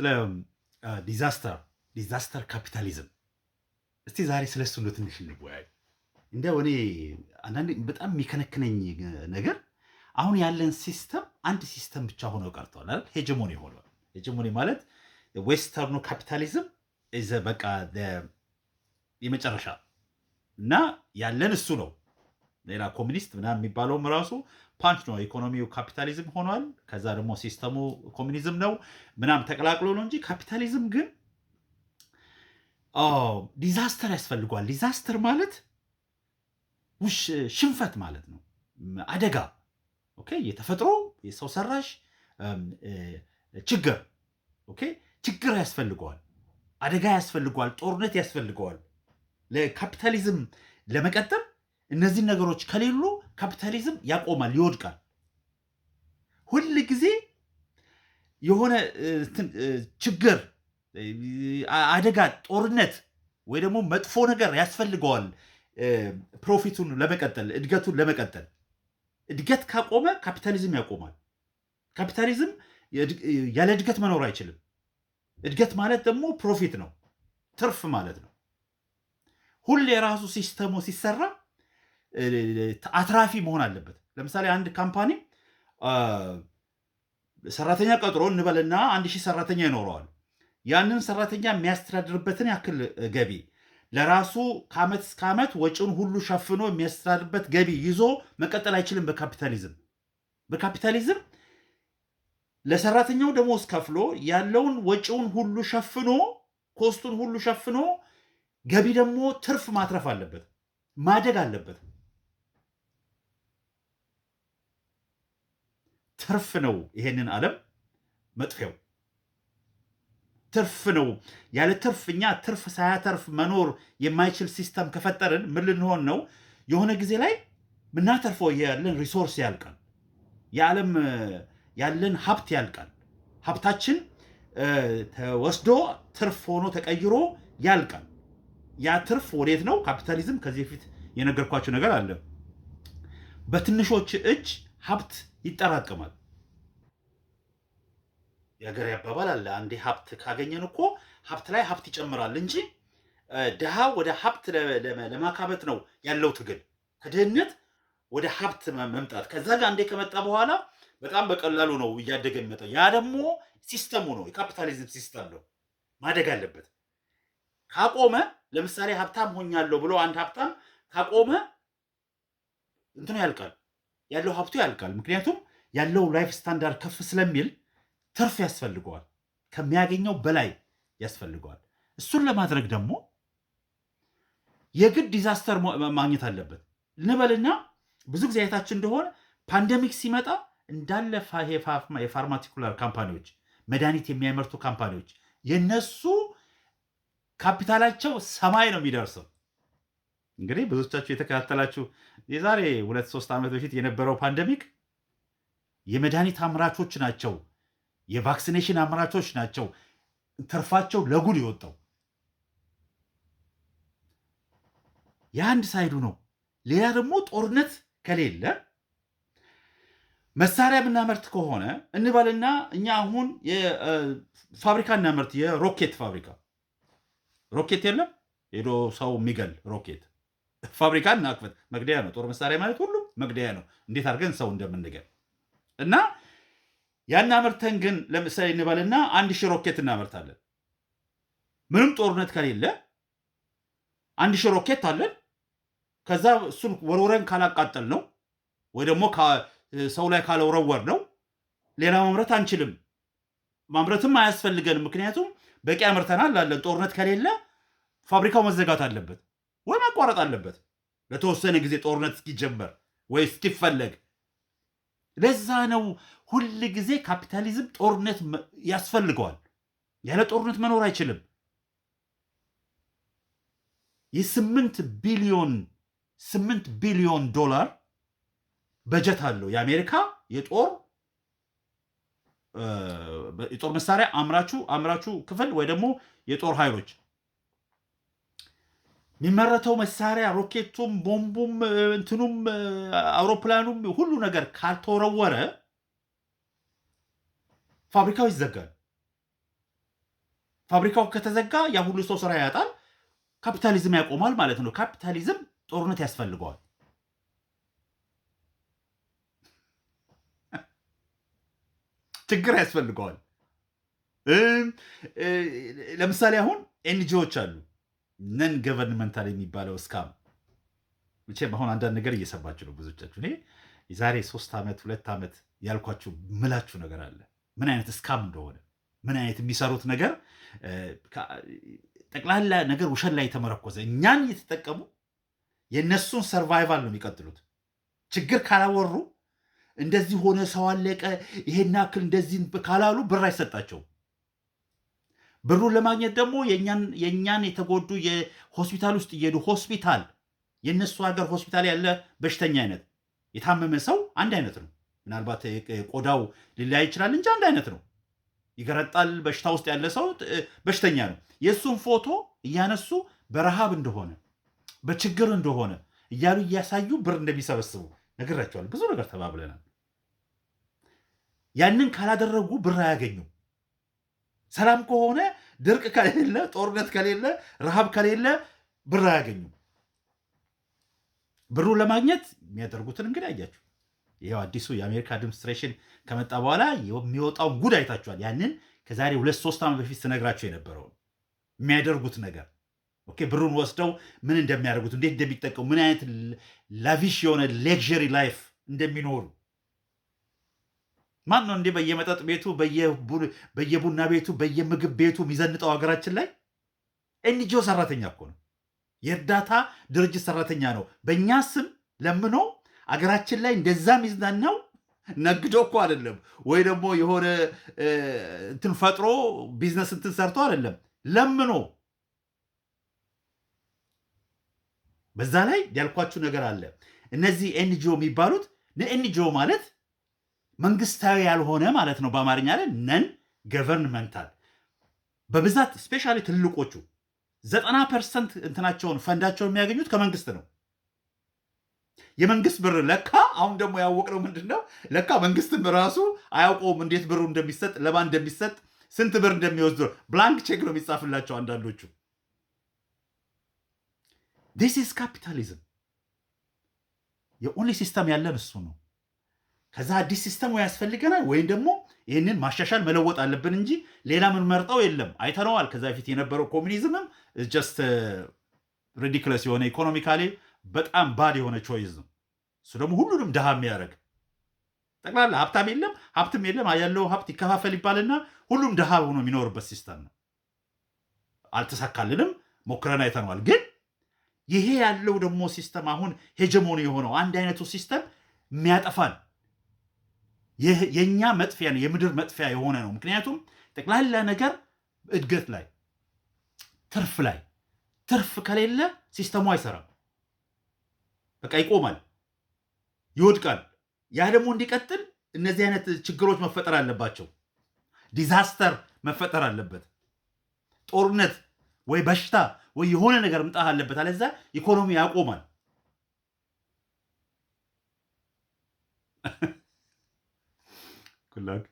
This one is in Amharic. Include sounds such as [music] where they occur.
ስለ ዲዛስተር ዲዛስተር ካፒታሊዝም እስቲ ዛሬ ስለ እሱ እንደ ትንሽ እንወያይ። እንዲያው እኔ አንዳንዴ በጣም የሚከነክነኝ ነገር አሁን ያለን ሲስተም አንድ ሲስተም ብቻ ሆነው ቀርተዋል አይደል? ሄጀሞኒ ሆነዋል። ሄጀሞኒ ማለት ዌስተርኑ ካፒታሊዝም በቃ የመጨረሻ እና ያለን እሱ ነው ሌላ ኮሚኒስት ምናምን የሚባለውም ራሱ ፓንች ነው። ኢኮኖሚው ካፒታሊዝም ሆኗል። ከዛ ደግሞ ሲስተሙ ኮሚኒዝም ነው ምናም ተቀላቅሎ ነው እንጂ ካፒታሊዝም ግን ዲዛስተር ያስፈልገዋል። ዲዛስተር ማለት ሽንፈት ማለት ነው፣ አደጋ ኦኬ። የተፈጥሮ የሰው ሰራሽ ችግር ኦኬ። ችግር ያስፈልገዋል፣ አደጋ ያስፈልገዋል፣ ጦርነት ያስፈልገዋል ለካፒታሊዝም ለመቀጠል እነዚህን ነገሮች ከሌሉ ካፒታሊዝም ያቆማል፣ ይወድቃል። ሁል ጊዜ የሆነ ችግር፣ አደጋ፣ ጦርነት ወይ ደግሞ መጥፎ ነገር ያስፈልገዋል ፕሮፊቱን ለመቀጠል እድገቱን ለመቀጠል። እድገት ካቆመ ካፒታሊዝም ያቆማል። ካፒታሊዝም ያለ እድገት መኖር አይችልም። እድገት ማለት ደግሞ ፕሮፊት ነው፣ ትርፍ ማለት ነው። ሁሌ የራሱ ሲስተሙ ሲሰራ አትራፊ መሆን አለበት። ለምሳሌ አንድ ካምፓኒ ሰራተኛ ቀጥሮ እንበልና አንድ ሺህ ሰራተኛ ይኖረዋል። ያንን ሰራተኛ የሚያስተዳድርበትን ያክል ገቢ ለራሱ ከዓመት እስከ ዓመት ወጪውን ሁሉ ሸፍኖ የሚያስተዳድርበት ገቢ ይዞ መቀጠል አይችልም። በካፒታሊዝም በካፒታሊዝም ለሰራተኛው ደሞዝ ከፍሎ ያለውን ወጪውን ሁሉ ሸፍኖ ኮስቱን ሁሉ ሸፍኖ ገቢ ደግሞ ትርፍ ማትረፍ አለበት፣ ማደግ አለበት። ትርፍ ነው። ይሄንን ዓለም መጥፊያው ትርፍ ነው። ያለ ትርፍ እኛ ትርፍ ሳያተርፍ መኖር የማይችል ሲስተም ከፈጠርን ምን ልንሆን ነው? የሆነ ጊዜ ላይ ምናተርፈው ያለን ሪሶርስ ያልቃል። የዓለም ያለን ሀብት ያልቃል። ሀብታችን ተወስዶ ትርፍ ሆኖ ተቀይሮ ያልቃል። ያ ትርፍ ወዴት ነው? ካፒታሊዝም ከዚህ በፊት የነገርኳቸው ነገር አለ። በትንሾች እጅ ሀብት ይጠራቀማል። የሀገር አባባል አለ። አንዴ ሀብት ካገኘን እኮ ሀብት ላይ ሀብት ይጨምራል እንጂ ድሃ ወደ ሀብት ለማካበት ነው ያለው ትግል። ከድህነት ወደ ሀብት መምጣት ከዛ ጋር አንዴ ከመጣ በኋላ በጣም በቀላሉ ነው እያደገ የሚመጣው። ያ ደግሞ ሲስተሙ ነው፣ የካፒታሊዝም ሲስተም ነው። ማደግ አለበት። ካቆመ ለምሳሌ ሀብታም ሆኛለሁ ብሎ አንድ ሀብታም ካቆመ እንትኑ ያልቃል፣ ያለው ሀብቱ ያልቃል። ምክንያቱም ያለው ላይፍ ስታንዳርድ ከፍ ስለሚል ትርፍ ያስፈልገዋል፣ ከሚያገኘው በላይ ያስፈልገዋል። እሱን ለማድረግ ደግሞ የግድ ዲዛስተር ማግኘት አለበት ንበልና ብዙ ጊዜ አይታችን እንደሆነ ፓንደሚክ ሲመጣ እንዳለ የፋርማቲኩላር ካምፓኒዎች መድኃኒት የሚያመርቱ ካምፓኒዎች የነሱ ካፒታላቸው ሰማይ ነው የሚደርሰው። እንግዲህ ብዙዎቻችሁ የተከታተላችሁ የዛሬ ሁለት ሶስት ዓመት በፊት የነበረው ፓንደሚክ የመድኃኒት አምራቾች ናቸው የቫክሲኔሽን አምራቾች ናቸው ትርፋቸው ለጉድ የወጣው። የአንድ ሳይዱ ነው። ሌላ ደግሞ ጦርነት ከሌለ መሳሪያ ብናመርት ከሆነ እንበልና እኛ አሁን ፋብሪካ እናመርት፣ የሮኬት ፋብሪካ ሮኬት የለም ሄዶ ሰው የሚገል ሮኬት ፋብሪካ እናክፈት። መግደያ ነው። ጦር መሳሪያ ማለት ሁሉም መግደያ ነው። እንዴት አድርገን ሰው እንደምንገል እና ያን አምርተን ግን ለምሳሌ እንበልና አንድ ሺህ ሮኬት እናመርታለን። ምንም ጦርነት ከሌለ አንድ ሺህ ሮኬት አለን። ከዛ እሱን ወርውረን ካላቃጠል ነው ወይ ደግሞ ሰው ላይ ካለውረወር ነው ሌላ ማምረት አንችልም። ማምረትም አያስፈልገንም። ምክንያቱም በቂ አምርተናል አለን። ጦርነት ከሌለ ፋብሪካው መዘጋት አለበት ወይ ማቋረጥ አለበት ለተወሰነ ጊዜ ጦርነት እስኪጀመር ወይ እስኪፈለግ ለዛ ነው ሁል ጊዜ ካፒታሊዝም ጦርነት ያስፈልገዋል። ያለ ጦርነት መኖር አይችልም። የስምንት ቢሊዮን ስምንት ቢሊዮን ዶላር በጀት አለው የአሜሪካ የጦር የጦር መሳሪያ አምራቹ አምራቹ ክፍል ወይ ደግሞ የጦር ኃይሎች የሚመረተው መሳሪያ ሮኬቱም፣ ቦምቡም፣ እንትኑም፣ አውሮፕላኑም ሁሉ ነገር ካልተወረወረ ፋብሪካው ይዘጋል። ፋብሪካው ከተዘጋ ያ ሁሉ ሰው ስራ ያጣል፣ ካፒታሊዝም ያቆማል ማለት ነው። ካፒታሊዝም ጦርነት ያስፈልገዋል። [laughs] ችግር ያስፈልገዋል። ለምሳሌ አሁን ኤንጂዎች አሉ ነን ገቨርንመንታል የሚባለው እስካም መቼም አሁን አንዳንድ ነገር እየሰማችሁ ነው ብዙቻችሁ። እኔ የዛሬ ሶስት ዓመት ሁለት ዓመት ያልኳችሁ ምላችሁ ነገር አለ ምን አይነት እስካም እንደሆነ ምን አይነት የሚሰሩት ነገር ጠቅላላ ነገር ውሸት ላይ የተመረኮዘ እኛን እየተጠቀሙ የእነሱን ሰርቫይቫል ነው የሚቀጥሉት። ችግር ካላወሩ እንደዚህ ሆነ ሰው አለቀ ይሄን ያክል እንደዚህ ካላሉ ብር አይሰጣቸውም። ብሩን ለማግኘት ደግሞ የእኛን የተጎዱ የሆስፒታል ውስጥ እየሄዱ ሆስፒታል የእነሱ ሀገር ሆስፒታል ያለ በሽተኛ አይነት የታመመ ሰው አንድ አይነት ነው። ምናልባት ቆዳው ሊለያይ ይችላል እንጂ አንድ አይነት ነው። ይገረጣል። በሽታ ውስጥ ያለ ሰው በሽተኛ ነው። የእሱን ፎቶ እያነሱ በረሃብ እንደሆነ በችግር እንደሆነ እያሉ እያሳዩ ብር እንደሚሰበስቡ ነግራቸዋል። ብዙ ነገር ተባብለናል። ያንን ካላደረጉ ብር አያገኙም። ሰላም ከሆነ ድርቅ ከሌለ፣ ጦርነት ከሌለ፣ ረሃብ ከሌለ ብር አያገኙም። ብሩን ለማግኘት የሚያደርጉትን እንግዲህ አያችሁ። ይኸው አዲሱ የአሜሪካ አድሚኒስትሬሽን ከመጣ በኋላ የሚወጣውን ጉድ አይታችኋል። ያንን ከዛሬ ሁለት ሶስት ዓመት በፊት ስነግራቸው የነበረውን የሚያደርጉት ነገር ኦኬ፣ ብሩን ወስደው ምን እንደሚያደርጉት፣ እንዴት እንደሚጠቀሙ፣ ምን አይነት ላቪሽ የሆነ ሌክዠሪ ላይፍ እንደሚኖሩ ማን ነው እንዲህ በየመጠጥ ቤቱ በየቡና ቤቱ በየምግብ ቤቱ የሚዘንጠው? ሀገራችን ላይ ኤንጂኦ ሰራተኛ እኮ ነው፣ የእርዳታ ድርጅት ሰራተኛ ነው። በእኛ ስም ለምኖ አገራችን ላይ እንደዛ ሚዝናናው ነግዶ እኮ አይደለም፣ ወይ ደግሞ የሆነ እንትን ፈጥሮ ቢዝነስ እንትን ሰርቶ አይደለም፣ ለምኖ በዛ ላይ ያልኳችሁ ነገር አለ። እነዚህ ኤንጂኦ የሚባሉት ኤንጂኦ ማለት መንግስታዊ ያልሆነ ማለት ነው በአማርኛ ላይ ነን ገቨርንመንታል በብዛት ስፔሻሊ ትልቆቹ ዘጠና ፐርሰንት እንትናቸውን ፈንዳቸውን የሚያገኙት ከመንግስት ነው። የመንግስት ብር ለካ አሁን ደግሞ ያወቅነው ምንድን ነው? ለካ መንግስትም ራሱ አያውቀውም እንዴት ብሩ እንደሚሰጥ፣ ለማን እንደሚሰጥ፣ ስንት ብር እንደሚወስድ። ብላንክ ቼክ ነው የሚጻፍላቸው አንዳንዶቹ። ዲስ ኢዝ ካፒታሊዝም። የኦንሊ ሲስተም ያለን እሱ ነው። ከዛ አዲስ ሲስተም ወይ ያስፈልገናል ወይም ደግሞ ይህንን ማሻሻል መለወጥ አለብን እንጂ ሌላ ምን የምንመርጠው የለም። አይተነዋል። ከዛ በፊት የነበረው ኮሚኒዝምም ጀስት ሪዲክለስ uh, የሆነ ኢኮኖሚካሊ በጣም ባድ የሆነ ቾይዝ ነው። እሱ ደግሞ ሁሉንም ድሃ የሚያደርግ ጠቅላላ ሀብታም የለም ሀብትም የለም ያለው ሀብት ይከፋፈል ይባልና ሁሉም ድሃ ሆኖ የሚኖርበት ሲስተም ነው። አልተሳካልንም፣ ሞክረን አይተነዋል። ግን ይሄ ያለው ደግሞ ሲስተም አሁን ሄጀሞኒ የሆነው አንድ አይነቱ ሲስተም የሚያጠፋን የኛ የእኛ መጥፊያ ነው፣ የምድር መጥፊያ የሆነ ነው። ምክንያቱም ጠቅላላ ነገር እድገት ላይ ትርፍ ላይ ትርፍ ከሌለ ሲስተሙ አይሰራም። በቃ ይቆማል፣ ይወድቃል። ያ ደግሞ እንዲቀጥል እነዚህ አይነት ችግሮች መፈጠር አለባቸው። ዲዛስተር መፈጠር አለበት። ጦርነት ወይ በሽታ ወይ የሆነ ነገር ምጣህ አለበት። አለዛ ኢኮኖሚ ያቆማል። Good luck.